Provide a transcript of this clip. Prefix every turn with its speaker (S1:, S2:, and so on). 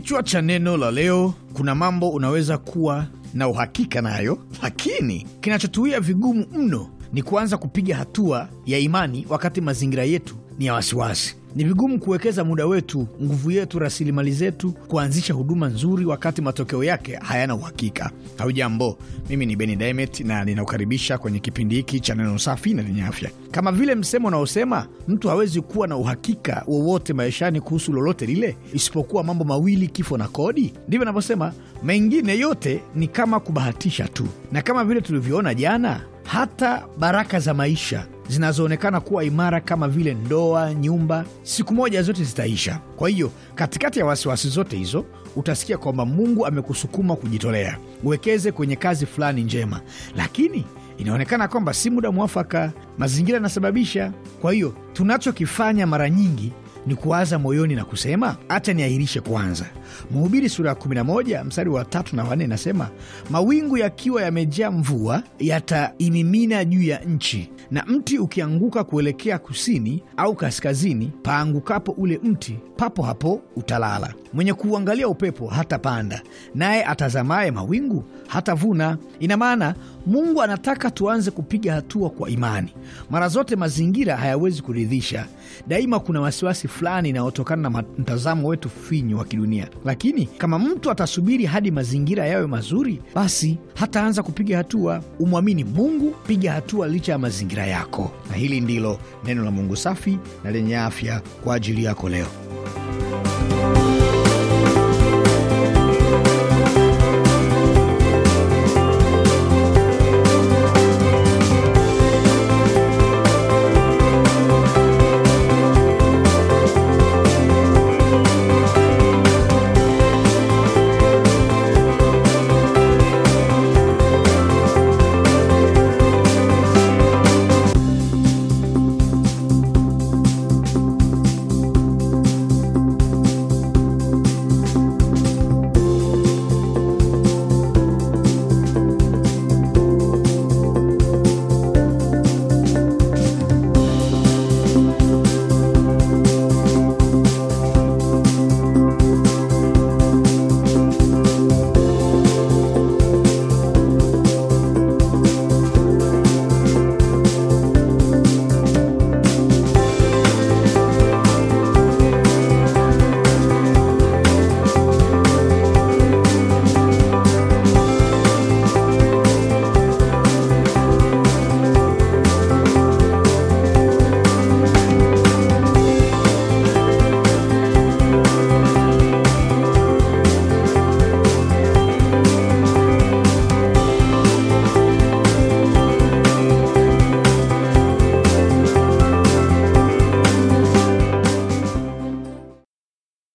S1: Kichwa cha neno la leo: kuna mambo unaweza kuwa na uhakika nayo, lakini kinachotuia vigumu mno ni kuanza kupiga hatua ya imani wakati mazingira yetu ni ya wasiwasi. Ni vigumu kuwekeza muda wetu, nguvu yetu, rasilimali zetu kuanzisha huduma nzuri wakati matokeo yake hayana uhakika. Haujambo, mimi ni Beni Dimet na ninakukaribisha kwenye kipindi hiki cha neno safi na lenye afya. Kama vile msemo unaosema mtu hawezi kuwa na uhakika wowote maishani kuhusu lolote lile isipokuwa mambo mawili, kifo na kodi, ndivyo anavyosema. Mengine yote ni kama kubahatisha tu, na kama vile tulivyoona jana, hata baraka za maisha zinazoonekana kuwa imara kama vile ndoa, nyumba, siku moja zote zitaisha. Kwa hiyo katikati ya wasiwasi zote hizo utasikia kwamba Mungu amekusukuma kujitolea, uwekeze kwenye kazi fulani njema, lakini inaonekana kwamba si muda mwafaka, mazingira yanasababisha. Kwa hiyo tunachokifanya mara nyingi ni kuwaza moyoni na kusema hata niahirishe kwanza. Mhubiri sura ya 11 mstari wa tatu na wanne inasema, mawingu yakiwa yamejaa mvua yataimimina juu ya nchi, na mti ukianguka kuelekea kusini au kaskazini, paangukapo ule mti, papo hapo utalala. Mwenye kuuangalia upepo hata panda naye atazamaye mawingu hata vuna Ina maana Mungu anataka tuanze kupiga hatua kwa imani. Mara zote mazingira hayawezi kuridhisha, daima kuna wasiwasi fulani inayotokana na mtazamo wetu finyu wa kidunia. Lakini kama mtu atasubiri hadi mazingira yawe mazuri, basi hataanza kupiga hatua. Umwamini Mungu, piga hatua licha ya mazingira yako. Na hili ndilo neno la Mungu safi na lenye afya kwa ajili yako leo.